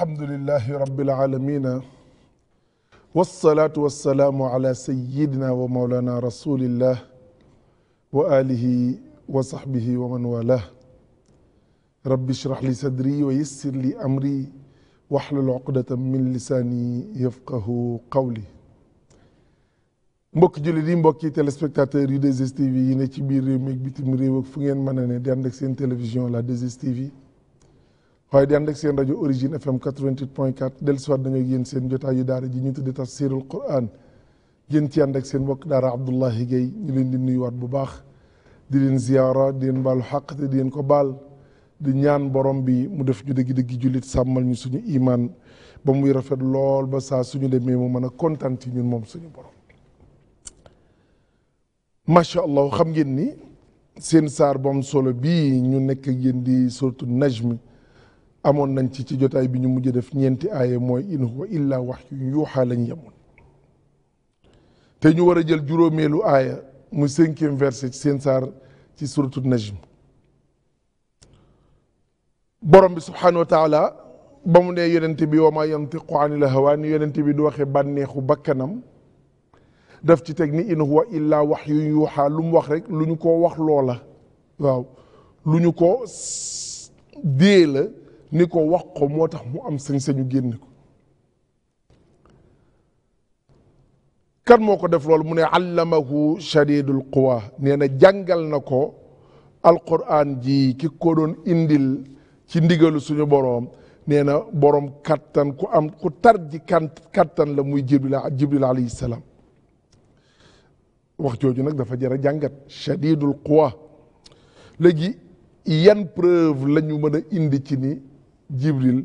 alhamdulilahi rabbil alamina wasalaatu wasalaamu ala sayidina wa maulana rasulillah wa alihi wa sahbihi wa man walah rabbi shrah li sadri wa yassir li amri waxlul uqdatan min lisaani yafqahu qawli mbokki jullit yi mbokki téléspectateurs yu 2STV yi ne ci biir réew mi ak bitim réew ak fu ngeen mën a ne di ànd ak seen télévision la 2STV waaye di ànd ak seen rajo origine fm 88 point 4 dellu siwaat nañu ak yéen seen jotaayu daara ji ñu tudde tafsirul quran yéen ci ànd ak seen mbokk daara Abdoulahi Gaye ñu leen di nuyuwaat bu baax di leen ziyaara di leen baalu xaq te di leen ko baal di ñaan borom bi mu def ñu dëgg-dëgg jullit sàmmal ñu suñu imaan ba muy rafet lool ba saa suñu demee mu mën a kontaan ñun moom suñu borom macha allah xam ngeen ni seen saar bu solo bii ñu nekk ak yéen di surtout najmi amoon nañ ci ci jotaay bi ñu mujj def ñeenti aaye mooy in huwa illa wahyu yuuxa ñu war a jël juróomeelu aaya mu cinquième verset ci seen saar ci suratu najm bi subhanahu ba mu nee yonent bi wa ma bi du waxe bànneexu bakkanam daf ci teg ni in huwa illa lu mu wax rek lu ñu ko wax loola waaw lu ñu ko dee la ni ko wax ko moo tax mu am sañ-sañu génne ko kan moo ko def loolu mu ne allamahu shadidul quwa nee na jàngal na ko alquran ji ki ko doon indil ci ndigalu suñu boroom nee na boroom kattan ku am ku tar ji kattan la muy jibril jibril alayhi salaam wax jooju nag dafa jar a jàngat shadidul quwa léegi yan preuve lañu ñu mën a indi ci ni jibril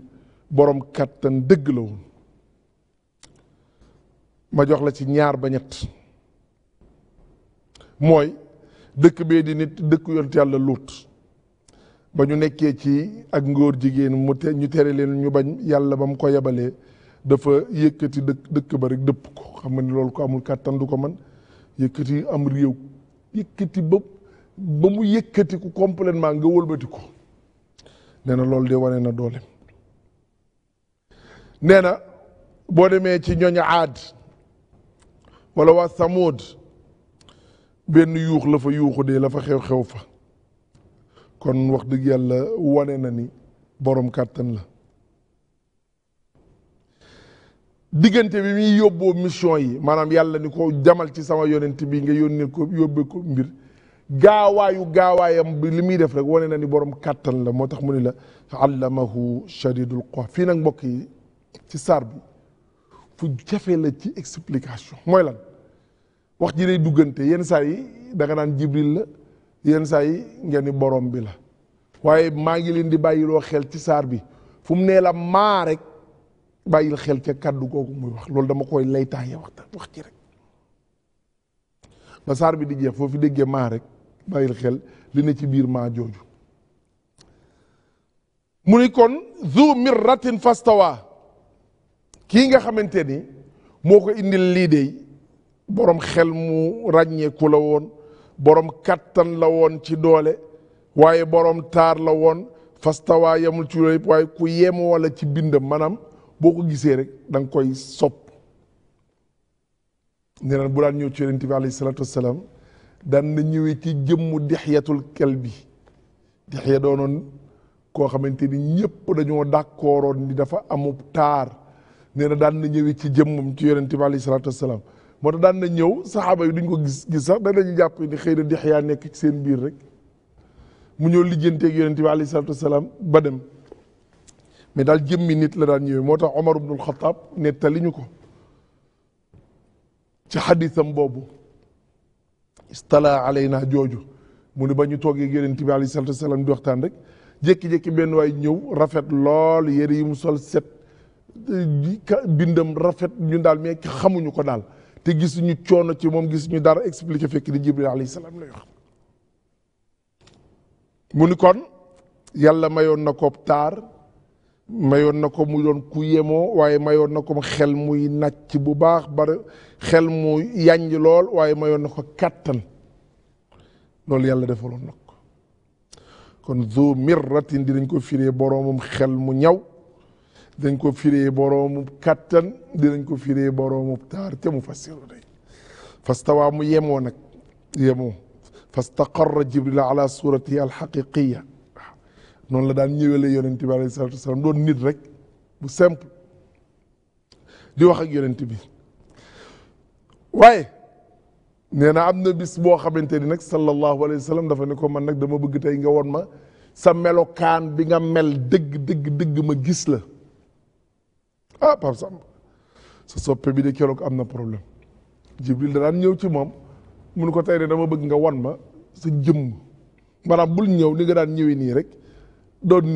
borom kàttan dëgg la woon ma jox la ci ñaar ba ñett mooy dëkk bee di nit dëkk yonent yàlla luut ba ñu nekkee ci ak ngóor jigéen mu te ñu tere leen ñu bañ yàlla ba mu ko yebalee dafa yëkkati dëkk dëkk ba rek dëpp ko xam nga ni loolu ko amul kàttan du ko man yëkkati am réew yëkkati ba ba mu yëkkati ko complètement nga wëlbati ko nee na loolu de wane na doole nee na boo demee ci ñooñ aad wala waa samood benn yuux la fa yuuxu de la fa xew-xew fa kon wax dëgg yàlla wane na ni borom kàttan la diggante bi muy yóbboo mission yi maanaam yàlla ni ko jamal ci sama yonent bi nga yónnee ko yóbbee ko mbir gaawaayu gaawaayam bi li muy def rek wane na ni borom kàttan la moo tax mu ni la allamahu shadidul quwa fii nag mbokk yi ci saar bi fu jafe la ci explication mooy lan wax ji day duggante yenn saa yi da nga jibril la yenn saa yi ngeen ni borom bi la waaye maa ngi leen di bàyyiloo xel ci saar bi fu mu nee la maa rek bàyyil xel ca kàddu googu muy wax loolu dama koy laytaaye waxta wax ci rek ba saar bi di jeex foofu fi déggee maa rek bàyyil xel li ne ci biir maa jooju mu ni kon zu mirratin fastawa kii nga xamante ni moo ko indil lii de borom xel mu ràññeeku la woon borom kattan la woon ci doole waaye borom taar la woon fastawa yemul ci loolu waaye ku yemoo la ci bindam maanaam boo ko gisee rek dang koy sopp nee naan bu daan ñëw ci yonent bi salaatu wasalaam daan na ñëwee ci jëmmu dixyatul kalbi dixya doonoon koo xamante ni ñëpp dañoo d'accordoon ni dafa amub taar nee na daan na ñëwee ci jëmmam ci yonente bi alayhi salaatu wasalaam moo tax daan na ñëw saxaaba yi duñ ko gis gis sax danañu jàpp yi ni xëy na dixyaa nekk ci seen biir rek mu ñëw lijjanteeg yonente bi alayhi salaatu wasalaam ba dem mais daal jëmmi nit la daan ñëwee moo tax Omar ibnul Xataab nettali ñu ko ci xadisam boobu istala alayna jooju mu ne ba ñu toogee yonent bi alayhi salaatu wasalaam di rek jékki-jékki benn waay ñëw rafet lool yére yi mu sol set bindam rafet ñun daal mais xamuñu ko daal te gisuñu coono ci moom gisuñu dara expliqué fekk di jibril alayhi salaam lay wax mu ni kon yàlla mayoon na ko taar mayoon na ko mu doon ku yemoo waaye mayoon na ko xel muy nàcc bu baax bare xel mu yànj lool waaye mayoon na ko kàttan loolu yàlla defaloon na ko kon zu mirratin dinañ ko firee boroomu xel mu ñaw dinañ ko firee boroomum kàttan dinañ ko firee boroomum taar te mu fassiru day fastawaa mu yemoo nag yemoo fastaqarra jibril ala suratihi alxaqiqiya noonu la daan ñëwale yonent bi alayhi salaatu wasalaam doon nit rek bu simple di wax ak yonent bi waaye nee naa am na bis boo xamante ni nag sallallahu alayhi wa sallam dafa ne ko man nag dama bëgg tey nga won ma sa melokaan bi nga mel dëgg dëgg dëgg ma gis la ah Pape Samba sa soppe bi de keroog am na problème Jibril da daan ñëw ci moom mun ko tey de dama bëgg nga won ma sa jëmm maanaam bul ñëw li nga daan ñëwee nii rek doon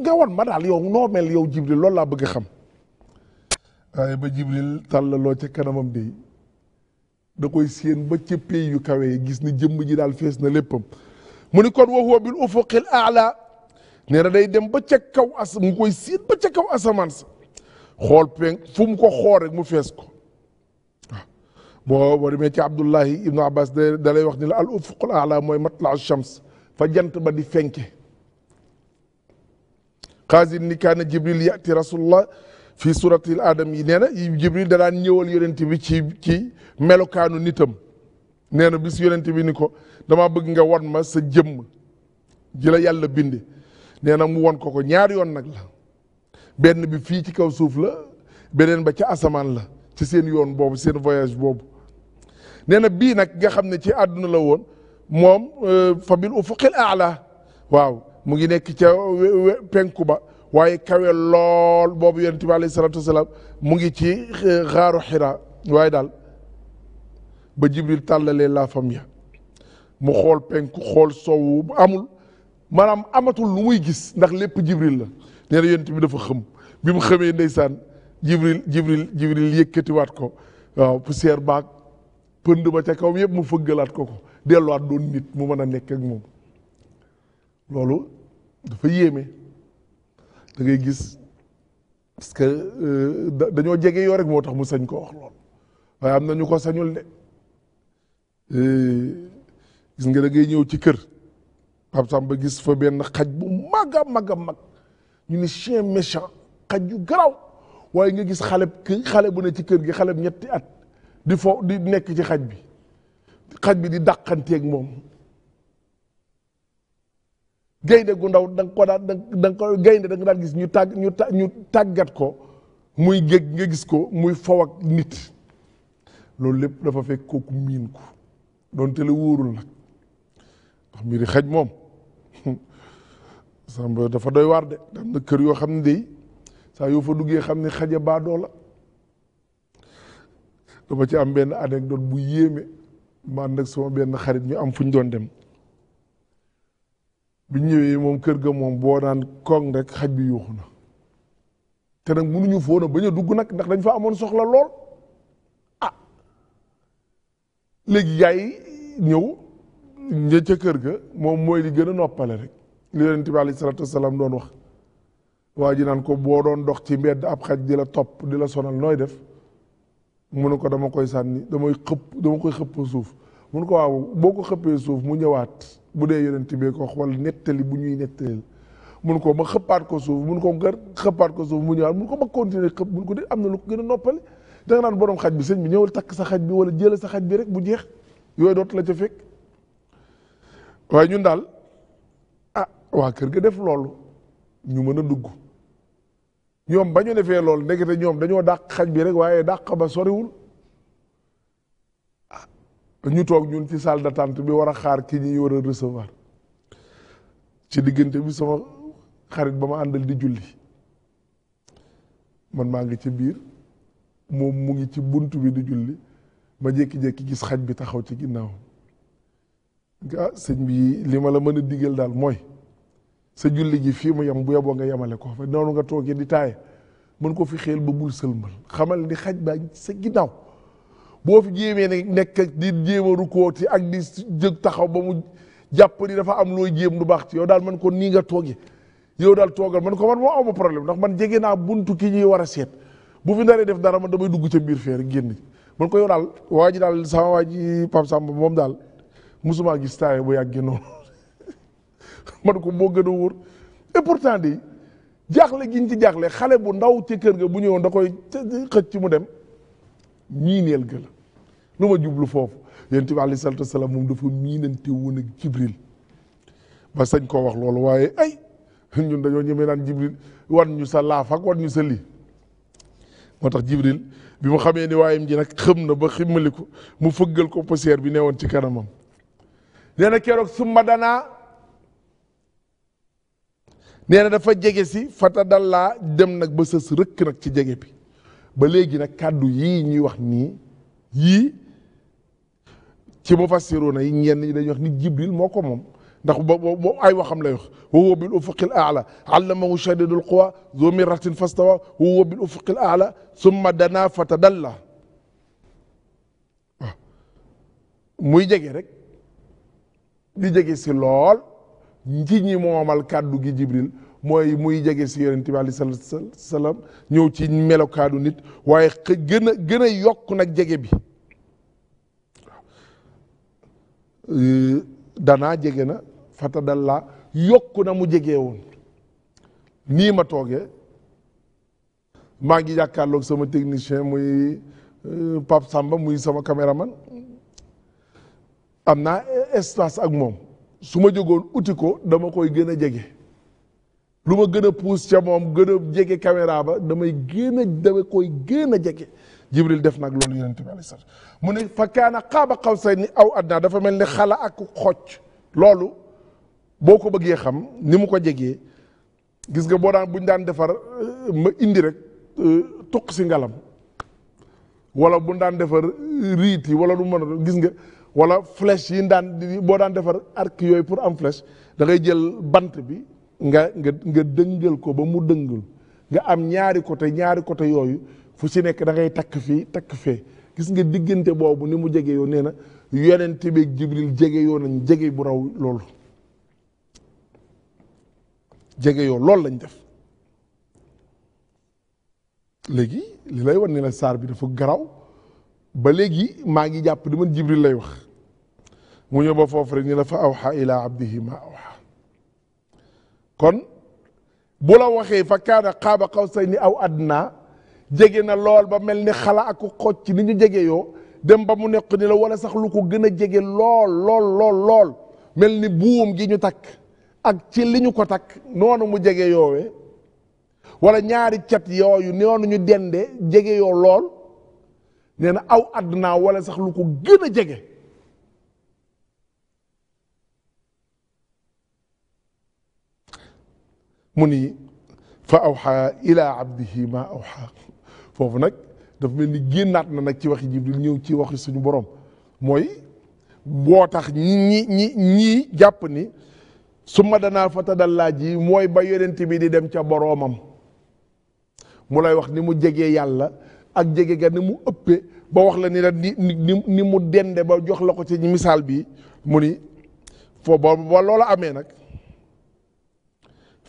nga wan ma daal yow noo mel yow Jibril loolu laa bëgg a xam waaye ba Jibril tàllaloo ca kanamam de da koy séen ba ca yu kawe gis ni jëmm ji daal fees na léppam mu ni kon wa huwa bil ufuqil aala nee na day dem ba ca kaw as mu koy séen ba ca kaw asamaan sa xool peng fu mu ko xool rek mu fees ko boo boo demee ci Abdullahi Ibnu Abbas da wax ni la al ufuqul aala mooy matla shams fa jant ba di fenke xaasin ni kaana jibril yaati rasulullah fii suratil adam yi nee na jibril da daan ñëwal yonent bi ci ci melokaanu nitam nee na bis yonent bi ni ko dama bëgg nga won ma sa jëmm jëla yàlla binde nee na mu won ko ko ñaar yoon nag la benn bi fii ci kaw suuf la beneen ba ca asamaan la ci seen yoon boobu seen voyage boobu nee bii nag nga xam ne ci àdduna la woon moom euh, fa bil ufuqil aala waaw mu ngi nekk ca penku ba waaye kawe lool boobu yonent bi alayhi salaatu wasalaam mu ngi ci e, xaaru xira waaye daal ba jibril tàllalee laa fam ya mu xool penku xool soowu amul maanaam amatul lu muy gis ndax lépp jibril la nee na yonent bi dafa xëm bi mu xëmee ndeysaan jibril jibril jibril yëkkatiwaat ko waaw poussière baag pënd ba ca kaw yëpp mu fëggalaat ko ko delluwaat doon nit mu mën a nekk ak moom loolu dafa yéeme da ngay gis parce que euh, da dañoo jege yoo rek moo tax mu sañ ko wax lool waaye am na ñu ko sañul de euh, gis nga da ñëw ci kër Pape Samba gis fa benn xaj bu mag a mag a mag ñu ne chien méchant xaj yu garaaw waaye nga gis xale xale bu ne ci kër gi xale bu ñetti at di fo di nekk ci xaj bi xaj bi di dàqanteeg moom. gaynde gu ndaw da nga ko daan da nga ko gaynde da nga daan gis ñu tàgg ñu ñu tàggat ko muy géej nga gis ko muy faw ak nit loolu lépp dafa fekk kooku miin ko doonte la wóorul nag ndax mbiri xaj moom samba dafa doy waar de yoo xam ne day saa yoo xam ne xaja baadoo la dama ci am benn anecdote bu yéeme ma ànd ak sama benn xarit ñu am fu ñu doon dem bi ñëwee moom kër ga moom boo naan koŋ rek xaj bi yuuxu na te nag mënuñu foo na bañ a dugg nag ndax dañ fa amoon soxla lool a ah. léegi yaay ñëw ña ca kër ga moom mooy li gën a noppale rek li yonent bi alayhi salaatu wasalaam doon wax waa ji naan ko boo doon dox ci mbedd ab xaj di la topp di la sonal nooy def mu ne ko dama koy sànni damay xëpp dama koy xëpp suuf mu ko waaw boo ko xëppee suuf mu ñëwaat bu dee yonent bi ko wax wala nettali bu ñuy nettalil mun koo ma xëppaat ko suuf mun ko gër xëppaat ko suuf mu ñëwaat mun ko ma continuer xëpp mun ko de am na lu ko gën a noppale da nga naan xaj bi sëñ bi ñëwal takk sa xaj bi wala jëla sa xaj bi rek bu jeex yooyu dootu la ca fekk waaye ñun daal ah waa kër gi def loolu ñu mën a dugg ñoom ba ñu defee loolu ndekete ñoom dañoo dàq xaj bi rek waaye dàq ba soriwul ñu toog ñun ci salle d'attente bi war a xaar ki ñuy war a recevoir ci diggante bi sama xarit ba ma àndal di julli man maa ngi ci biir moom mu ngi ci bunt bi di julli ma jékki-jékki gis xaj bi taxaw ci ginnaaw ah sëñ bi lii ma la mën a digal daal mooy sa julli gi fii mu yem bu yeboo nga yemale ko fa noonu nga toogee di taaye mën ko fi xeel ba bul sëlmal xamal ni xaj baa ngi sa ginnaaw boo fi jéemee ne nekk di jéem koo rukooti ak di jëg taxaw ba mu jàpp ni dafa am looy jéem du baax ci yow daal man ko nii nga toogee yow daal toogal man ko man moo awma problème ndax man jege naa buntu ki ñuy war a seet bu fi naree def dara man damay dugg ca biir feer génn man ko yow daal waa ji daal sama waa ji Pape Samba moom daal musuma gis taay bu yàggee noonu man ko moo gën a wóor et pourtant de jaaxle giñ ci jaaxle xale bu ndaw ci kër ga bu ñëwoon da koy xëcc mu dem ñiineel gëla lu ma jublu foofu yonent bi aleyhi salaatu wa salaam moom dafa miinante woon ak jibril ba sañ koo wax loolu waaye ay ñun dañoo ñemee naan jibril wan ñu sa laaf ak wan ñu sa lii moo tax jibril bi mu xamee ni waayam ji nag xëm na ba ximmali ko mu fëggal ko poussière bi woon ci kanamam nee na keroog summa danaa nee na dafa jege si fata dallaa dem nag ba sës rëkk nag ci jege bi ba léegi nag kàddu yii ñuy wax nii yii ci mufassiruuna yi ñenn ñi dañuy wax ni Jibril moo ko moom ndax boo ay waxam la wax wa huwa bil ufuqil a'la allamahu shadidul quwa zu mirratin fastawa wa huwa bil ufuqil a'la summa dana fatadalla ah. muy jege rek di jege si lool nji ñi moomal kàddu gi Jibril mooy muy jege si yonent bi alayhi salaam ñëw ci melokaadu nit waaye gën a gën a yokk nag jege bi danaa jege na fatadalla yokku na mu jege woon nii ma tooge maa ngi jàkkaarloog sama technicien muy euh, Pape Samba muy sama man am naa espace ak moom su ma jógoon uti ko dama koy gën a jege lu ma gën a puus ca moom gën a jege caméra ba damay gën a dama koy gën a jege jibril def nag loolu yonent bi alayhi salaam mu ne fa kaana xaaba xawsayni aw adnaa dafa mel ni xala ak xocc loolu boo ko bëggee xam ni mu ko jegee gis nga boo daan buñ daan defar euh, ma indi rek euh, tuq si ngalam wala buñ daan defar euh, riit yi wala lu mën a gis nga wala flèche yi daan boo daan defar arc yooyu pour am flèche da ngay jël bant bi nga nga nga dëngal ko ba mu dëngal nga am ñaari côté ñaari côté yooyu fu ci nekk dangay takk fii takk fee gis nga diggante boobu ni mu jege yoo nee na yonent beeg jibril jege yoon nañ jege bu raw loolu jege yoo loolu lañ def léegi li lay wan ne la saar bi dafa garaw ba léegi maa ngi jàpp di man jibril lay wax mu ñëw ba foofu rek ni la fa awxa ila abdihi ma awxa kon bu la waxee fa kaana qaaba ni aw adnaa jege na lool ba mel ni xala ak xoj ci ni ñu jege yoo dem ba mu nekk ni la wala sax lu ko gën a jege lool lool lool mel ni buum ji ñu takk ak ci li ñu ko takk noonu mu jege yoowee wala ñaari cat yooyu noonu ñu dende jege yoo lool nee na aw àdduna walla sax lu ko gën a jege mu ni fa awxa foofu nag dafa mel ni génnaat na nag ci waxi Jibril ñëw ci waxi suñu borom mooy boo tax ñi ñi ñii jàpp ni su ma danaa fatadallaa ji mooy ba yonent bi di dem ca boroomam mu lay wax ni mu jegee yàlla ak jege ga ni mu ëppee ba wax la ni la ni ni mu dende ba jox la ko ci misaal bi mu ni foo ba ba amee nag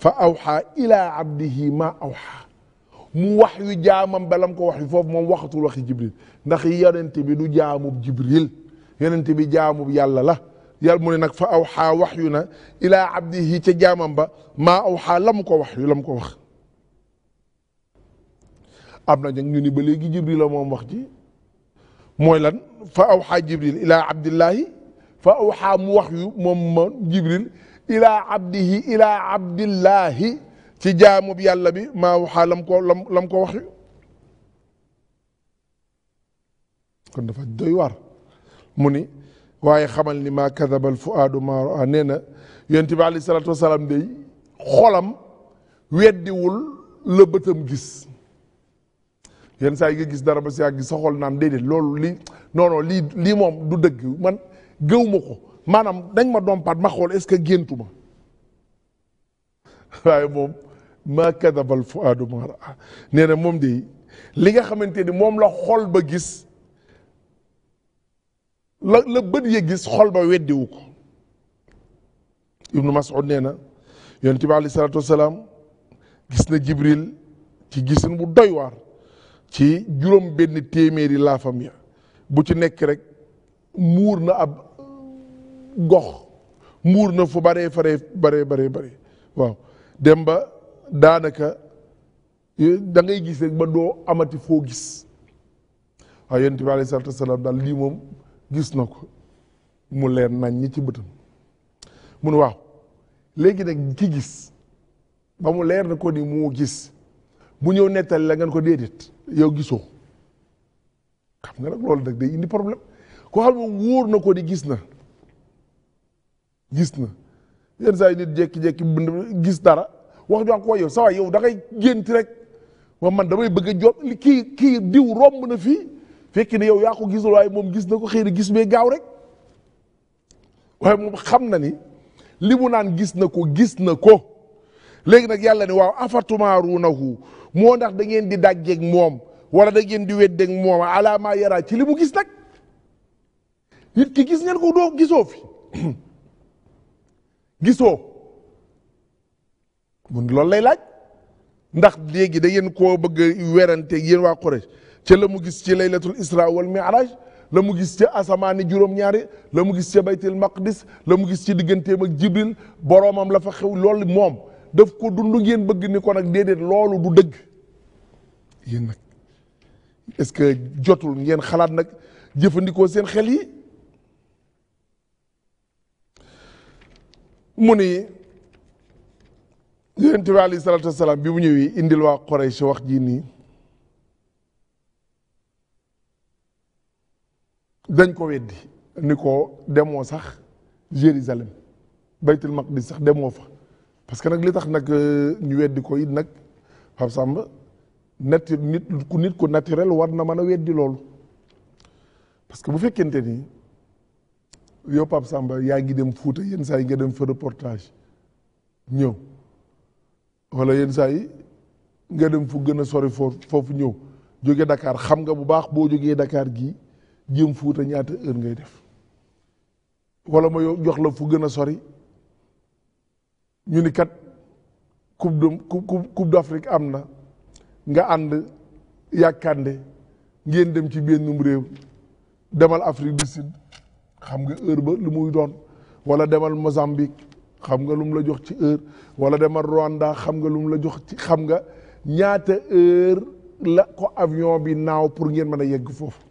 fa awxa ila abdihi ma awxa mu wax yu jaamam balam ko wax yu moom waxatul waxi jibril ndax yonent bi du jaamub jibril yonent bi jaamub yàlla la yàlla mu ne nag fa awxaa wax yu na ilaa abdihi ca jaamam ba maa awxaa la mu ko wax yu la mu ko wax am jibril la moom wax ji mooy lan fa awxaa jibril ilaa abdillahi fa awxaa mu wax moom ma jibril ilaa abdillahi ci jaamub yàlla bi maa waxaa lam ko lam lam ko waxi kon dafa doy waar mu ni waaye xamal ni maa kadabal fuaadu maa raa nee na yonent bi aleyhi salaatu wasalaam day xolam weddiwul la bëtam gis yenn saa yi nga gis dara ba si àgg sa xol naan déedéet loolu lii non lii moom du dëgg man gëw ko maanaam dañ ma dompaat ma xool est-ce géntu ma waaye moom maa kadabal fuaadu maa raa nee na moom de li nga xamante ni moom la xol ba gis la la bët ya gis xol ba weddiwu ko ibnu mas'ud nee na yonent bi aleyhi salaatu wasalaam gis na jibril ci gisin bu doy waar ci juróom benn téeméeri laafam ya bu ci nekk rek muur na ab gox muur na fu baree faree baree baree bare waaw dem ba daanaka dangay gis rek ba doo amati foo gis waaye yonent bi alayhi salaatu wasalaam daal lii moom gis na ko mu leer nañ ñi ci bëtam mun waaw léegi nag ki gis ba mu leer na ko ni moo gis mu ñëw nettali la ngeen ko déedéet yow gisoo xam nga nag loolu nag day indi problème koo xam moom wóor na ko ni gis na gis na yenn saa yi nit jékki gis dara wax ñu ko yow sawaay yow da ngay génti rek moom man damay bëgg a job li kii kii diw romb na fii fekk ne yow yaa ko gisul waaye moom gis na ko xëy gis bee gaaw rek waaye moom xam na ni li mu naan gis na ko gis na ko léegi nag yàlla ne waaw afatumaaruunahu moo ndax da ngeen di dàggeeg moom wala da ngeen di weddeeg moom ala maa yaraa ci li mu gis nag nit ki gis ngeen ko doo gisoo fi gisoo mun lool lay laaj ndax léegi da yéen koo bëgg werante yéen waa Quraysh ca la mu gis ci laylatul isra wal mi'raj la mu gis ci asamaani juróom-ñaari la mu gis ca baytil maqdis la mu gis ci digganteem ak jibril boroomam la fa xew lool moom def ko dund ngeen bëgg ni ko nag déedéet loolu du dëgg yéen nag est-ce que jotul ngeen xalaat nag jëfandikoo seen xel yi mu ni yonent bi alayhi salaatu wasalaam bi mu ñëwee indil waa Quraysh wax jii nii dañ ko weddi ni ko demoo sax Jérusalem baytul maqdis sax demoo fa parce que nag li tax nag euh, ñu weddi ko it nag Pape Samba nat nit ku nit ku naturel war na man a weddi loolu parce que bu fekkente ni yow Pape Samba yaa ngi dem Fuuta yenn saa yi nga dem fa ñëw wala yenn saa yi nga dem fu gën a sori foofu ñëw jóge Dakar xam nga bu baax boo jógee dakaar gii jëm Fuuta ñaata heure ngay def wala ma jox la fu gën a sori ñu ni kat coupe de coupe am na nga ànd yàkkande ngeen dem ci benn réew demal Afrique du Sud xam nga heure ba lu muy doon wala demal Mozambique xam nga lu la jox ci heure wala demal Rwanda xam nga lu mu la jox ci xam nga ñaata heure la ko avion bi naaw pour ngeen mën a yegg foofu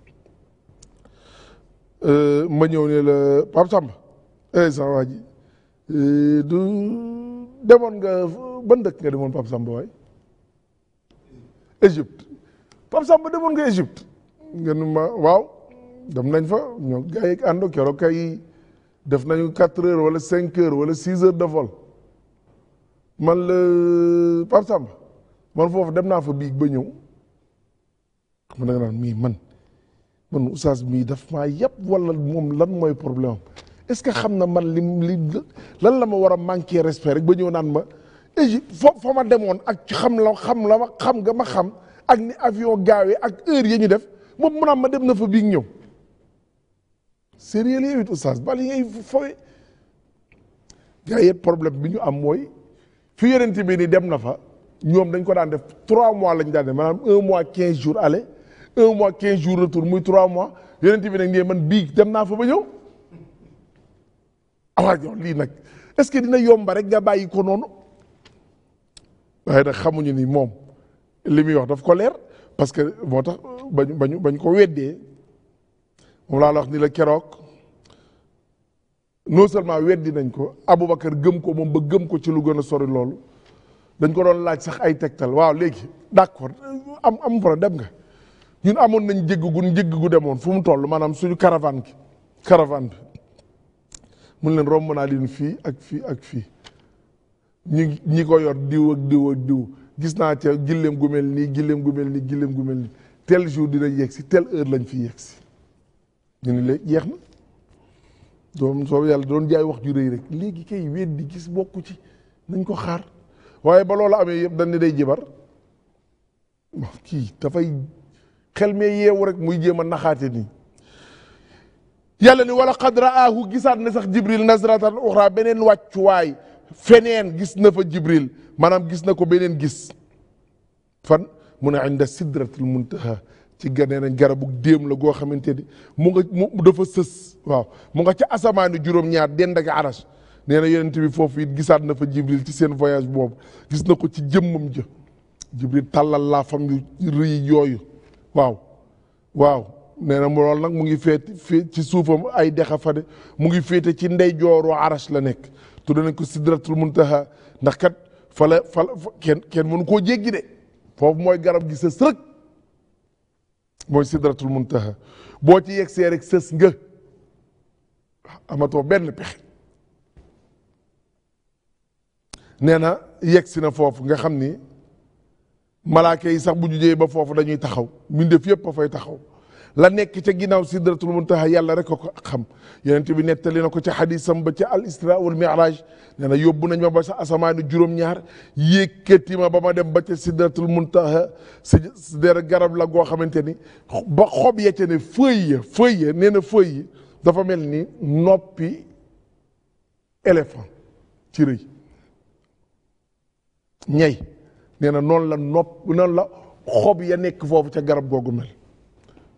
euh, ma ñëw ne la Pape Samba eh sa waa euh, du demoon nga ban dëkk nga demoon Pape Samba waay Égypte Pape Samba demoon nga Égypte ngeen ma waaw dem nañ fa ñoo gars yi keroog kay def nañu quatre heures wala cinq heures wala six heures de vol man la par exemple man foofu dem naa fa biig ba ñëw man da nga mii man man oustaz mii daf maa yàpp wala moom lan mooy problème am ce que xam na man li li lan la ma war a manquer respect rek ba ñëw naan ma Égypte fo fa ma demoon ak xam la xam la ma xam nga ma xam ak ni avion gaawee ak heure ya ñu def moom mu naan ma dem na fa biig ñëw sérieux yow it oustaz bal yi ngay fawe gars yëpp problème bi ñu am mooy fi yonent bi ni dem na fa ñoom dañ ko daan def trois mois lañ daan def maanaam un mois quinze jours aller un mois quinze jours retour muy trois mois yonent bi nag nee man bii dem naa fa ba ñëw awaa ah, yow lii nag est-ce que dina yomba rek nga bàyyi ko noonu waaye nag xamuñu nii moom li muy wax daf ko leer parce que moo tax bañu bañu bañ ko weddee moom laa la wax la keroog non seulement di nañ ko Aboubacar gëm ko moom ba gëm ko ci lu gën a sori loolu dañ ko doon laaj sax ay tegtal waaw léegi d'accord am am problème dem nga ñun amoon nañ jégg gu njégg gu demoon fu mu toll maanaam suñu caravane gi caravane bi mun leen romb naa leen fii ak fii ak fii ñi ñi ko yor diw ak diw ak diw gis naa ca gilleem gu mel nii gilleem gu mel nii gu mel nii tel jour dina yegg si tel heure lañ fi yegg ñu ne léegi jeex na doon soo yàlla doon jaay wax ju rek léegi kay weddi gis bokku ci nañ ko xaar waaye ba loolu amee yëpp dañ ne day jibar kii dafay xel mee yeewu rek muy jéem a naxaate nii yàlla ni wala qad raahu gisaat na sax jibril nazratan uxra beneen wàccuwaay feneen gis na fa jibril maanaam gis na ko beneen gis fan mu ne inda sidratil muntaha ci gane nañ garabu déem la goo xamante ni mu nga mu dafa sës waaw mu nga ca asamaani juróom-ñaar dend ak aras nee na yonent bi foofu it gisaat na fa jibril ci seen voyage boobu gis na ko ci jëmmam ja jibril tàllal laa yu rëy yooyu waaw waaw nee na loolu nag mu ngi féete ci suufam ay dexa fa de mu ngi féete ci ndey jooru aras la nekk tudd nañ ko sidratul muntaha ndax kat fa la kenn kenn koo jéggi de foofu mooy garab gi sës rëkk mooy sidratul muntaha boo ci yegsee rek sës nga amatoo benn pexe nee na yegsi na foofu nga xam ni malaaka yi sax bu ñu ba foofu dañuy taxaw mbindeef yëpp a fay taxaw la nekk ca ginnaaw sidratul muntaha yàlla rek ko xam yonent bi nettali na ko ca xadisam ba ca al isra wal miraj na yóbbu nañ ma ba sa asamaani juróom-ñaar yékkati ma ba ma dem ba ca sidratul muntaha si der garab la goo xamante ni ba xob ya ca ne feuille ya feuille ya dafa mel ni noppi éléphant ci rëy ñay nena na noonu la nopp noonu la xob ya nekk foofu ca garab googu mel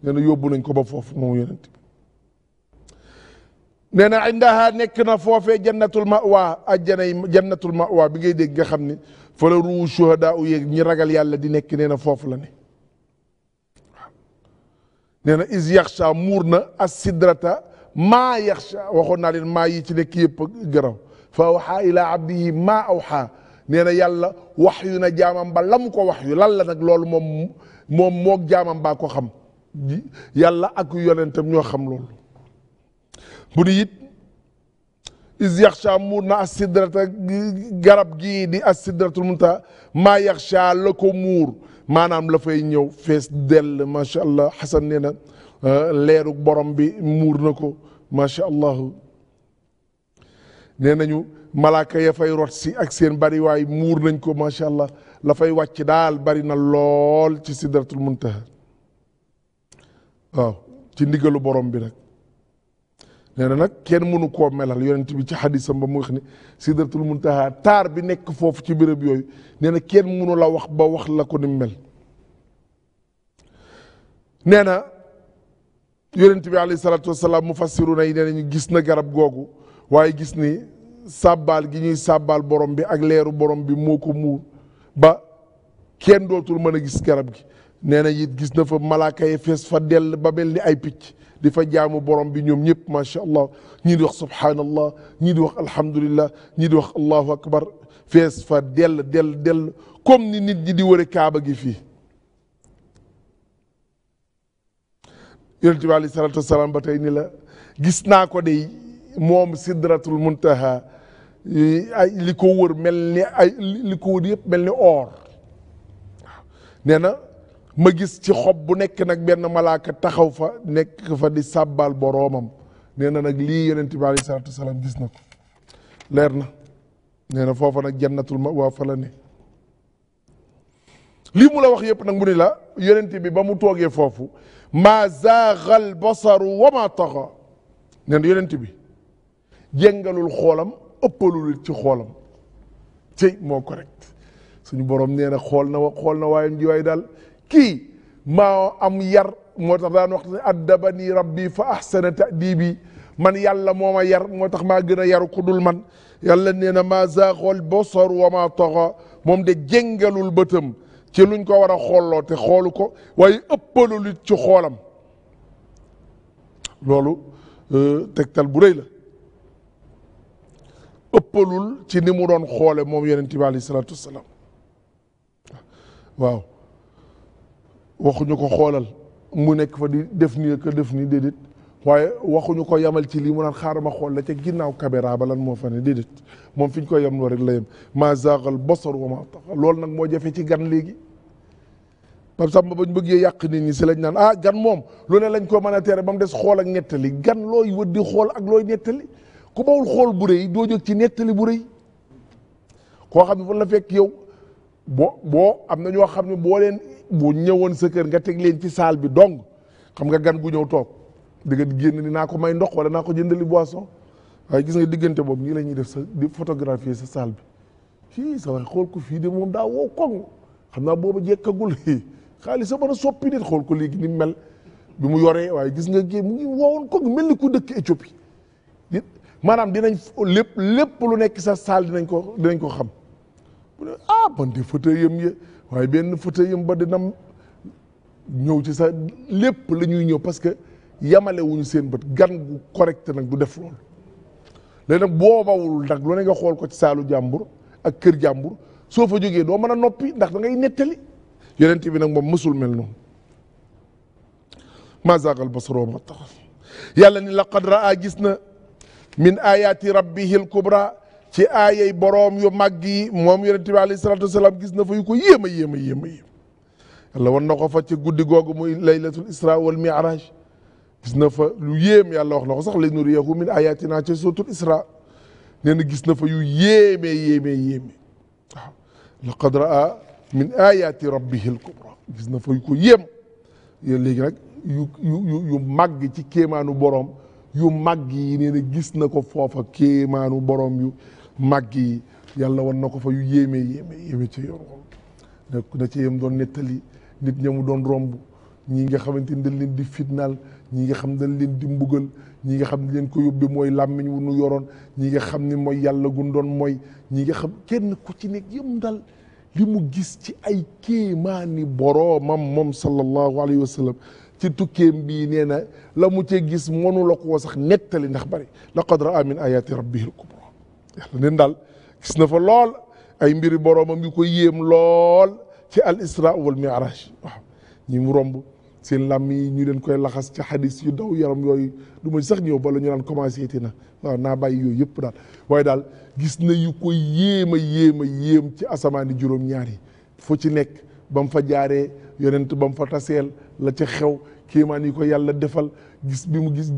nee na yóbbu nañ ko ba foofu moom yonent bi nee na indaha nekk na foofe foofee jannatul mawa ajjana yi jannatul mawa bi ngay dégg nga xam ni fa la ruu shuhada u yéeg ñi ragal yàlla di nekk nee na foofu la ne na is yaxsha muur na assidrata maa yaxsha waxoon naa leen maa yi ci nekk yëpp garaw fa awxaa ilaa abdihi maa awxaa nee na yàlla wax na jaamam ba lam ko wax yu la nag loolu moom moom moog jaamam baa ko xam yàlla ak yonentam ñoo xam loolu bu ni is yaxsha muur na assidrata garab gii di assidratul munta maa yaxsha la ko muur maanaam la fay ñëw fees dell macha allah xasan nee na euh, leeru borom bi muur na ko macha allah nee nañu malaaka ya fay rot si ak seen bari waay muur nañ ko macha allah la fay wàcc daal bari na lool ci sidratul muntaha waaw ci ndigalu borom bi rek nee na nag kenn mënu koo melal yonent ci xadisam ba mu wax ni munu muntaha taar bi nekk foofu ci béréb yooyu nee na kenn mënu la wax ba wax la ko ni mel nee na yonent bi alayhi salaatu wasalaam mufassiruna yi nee ñu gis na garab googu waaye gis ni sàbbaal gi ñuy sàbbaal borom bi ak leeru borom bi moo ko muur ba kenn dootul mën a gis garab gi nee na gis na fa malaaka yi fees fa dell ba mel ni ay picc li fa jaamu borom bi ñoom ñëpp macha allah ñii di wax subhanallah ñii di wax alhamdulillah ñii di wax allahu akbar fees fa dell dell dell comme ni nit gi di war kaaba gi fii yonent bi aleyhi salaatu ba tey ni la gis naa ko de moom sidratul muntaha ay li ko wër mel ni ay mel ni or ma gis ci xob bu nekk nag benn malaaka taxaw fa nekk fa di sàbbaal boroomam nee na nag lii yonent bi aleyhi salaatu wasalaam gis na ko leer na nee foofa nag jannatul ma waa fa la ne lii mu la wax yépp nag mu ni la yonent bi ba mu toogee foofu ma zaaxal basaru wa maa taxa nee na bi jéngalul xoolam ëppalul ci xoolam cëy moo correct suñu borom nee xool na wa xool na waayam ji waay daal kii maa am yar moo tax daan wax ne addabani rabbi fa ahsana ta'dibi man yàlla moo ma yar moo tax maa gën a yaru ku dul man yàlla nee na xool boo basar wa maa taxa moom de jéngalul bëtam ci luñ ko war a xooloo te xoolu ko waaye ëppalul it ci xoolam loolu euh, tegtal bu rëy la ëppalul ci ni mu doon xoole moom yonent bi alayhi salaatu wasalaam waaw waxuñu ko xoolal mu nekk fa di def nii ak def nii déedéet waaye waxuñu ko yamal ci lii mu naan xaaral ma xool la ca ginnaaw caméra ba lan moo fa ne déedéet moom fi ñu koy yamloo rek la yem maa zaagal basar wa maa taxa loolu nag moo jafe ci gan léegi ba sàmm ba ñu bëggee yàq nit ñi si lañ naan ah gan moom lu ne lañ ko mën a tere ba mu des xool ak nettali gan looy wëddi xool ak looy nettali ku bawul xool bu rëy doo ci nettali bu rëy koo xam ne fan la fekk yow boo boo am na ñoo xam ne bu ñëwoon sa kër nga teg leen ci saal bi dong xam nga gan gu ñëw toog di nga génn ni naa ko may ndox wala naa ko jëndali boisson waaye gis nga diggante boobu nii la ñuy def sa di photographier sa saal bi fii sa waay xool ko fii de moom daa wow koŋ xam naa booba jekkagul xaalis sa mën a soppi nit xool ko léegi ni mel bi mu yoree waaye gis nga kii mu ngi wowoon koŋ mel ni ku dëkk Éthiopie maanaam dinañ lépp lépp lu nekk sa saal dinañ ko dinañ ko xam bu ne ah waaye benn fauteuil yam ba dinam ñëw ci sa lépp la ñuy ñëw parce que yamale wuñu seen bët gan gu correct nag du def loolu léegi nag boobawul nag lu ne nga xool ko ci saalu jàmbur ak kër jàmbur soo fa jógee doo mën a noppi ndax da nettali nettali yonent bi nag moom mësul mel noonu maa zaagal basaru ma tax yàlla ni laqad raa gis na min ayati rabbihi al kubra ci aayay borom yu màgg yi moom yonente bi alayhi salaatu wasalaam gis na fa yu ko yéem a yéem a yéem a yéem ko fa guddi googu muy laylatul isra wal gis na fa lu yéem yàlla wax na ko sax li nuriyahu min ayatina ci gis na fa yu yéemee yéemee yéeme waaw laqad raa min ayati rabbihi al gis na fa yu ko yéem yu yu màgg ci kéemaanu borom yu màgg yi nee gis na ko foofa kéemaanu boroom yu màgg yi yàlla wan na ko fa yu yéeme yéeme yéeme ci yoon woon na ci yem doon nettali nit ñamu doon romb ñii nga xamante ni dañ leen di fitnaal ñi nga xam dañ leen di mbugal ñi nga xam ne leen ko yóbbi mooy làmmiñ wu nu yoroon ñi nga xam ni mooy yàlla doon mooy ñi nga xam kenn ku ci nekk yëm dal li mu gis ci ay kéemaani boroomam moom sallallahu alayhi wa sallam ci tukkeem bii nee na la mu cee gis mënu ko koo sax nettali ndax bari laqad raa min ayaati rabbihi al-kubra yàlla neen daal gis na fa lool ay mbiri boroomam yu ko yéem lool ci al isra wal mi'raj waaw ñi mu romb seen làmm yi ñu leen koy laxas ci xadis yu daw yaram yooyu du ma sax ñëw bala ñu naan commencé ti na waaw naa bàyyi yooyu yëpp daal waaye daal gis na yu ko yéem a yéem a yéem ci asamaani juróom-ñaar foo ci nekk ba fa jaaree yonent ba mu fa taseel la ci xew kéemaan yi ko yàlla defal gis bi mu gis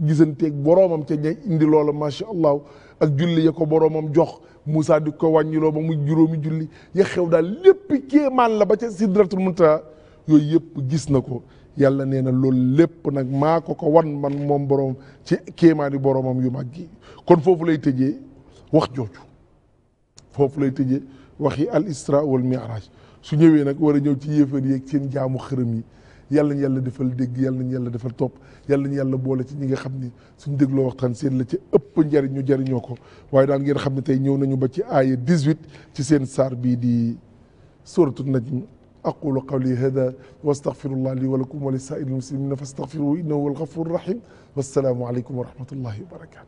gisanteeg boroomam ca ña indi loola macha allah ak julli ya ko boromam jox Moussa di ko wàññiloo ma muy juróomi julli ya xew daal lépp kéemaan la ba ca sidratul muntaha yooyu yëpp gis na ko yàlla nee na loolu lépp nag maa ko ko wan man moom boroom ci kéemaani boromam yu mag yi kon foofu lay tëjee wax jooju foofu lay tëjee waxi al isra wal mi'raj su ñëwee nag war a ñëw ci yéefar yeeg seen jaamu xërëm yi yàlla ñu yàlla defal dégg yàlla ñu yàlla defal topp yàlla ñu yàlla boole ci ñi nga xam ni suñ dégloo waxtaan seen la ci ëpp njariñ ñu jariñoo ko waaye daan ngeen xam ne tey ñëw nañu ba ci aaya 18 ci seen saar bii di suratu najm aqulu qawli hada wa astaghfirullah li wa lakum wa li saa'iril muslimina fastaghfiruhu innahu huwal ghafurur rahim wassalaamu aleykum wa rahmatullahi wa barakatuh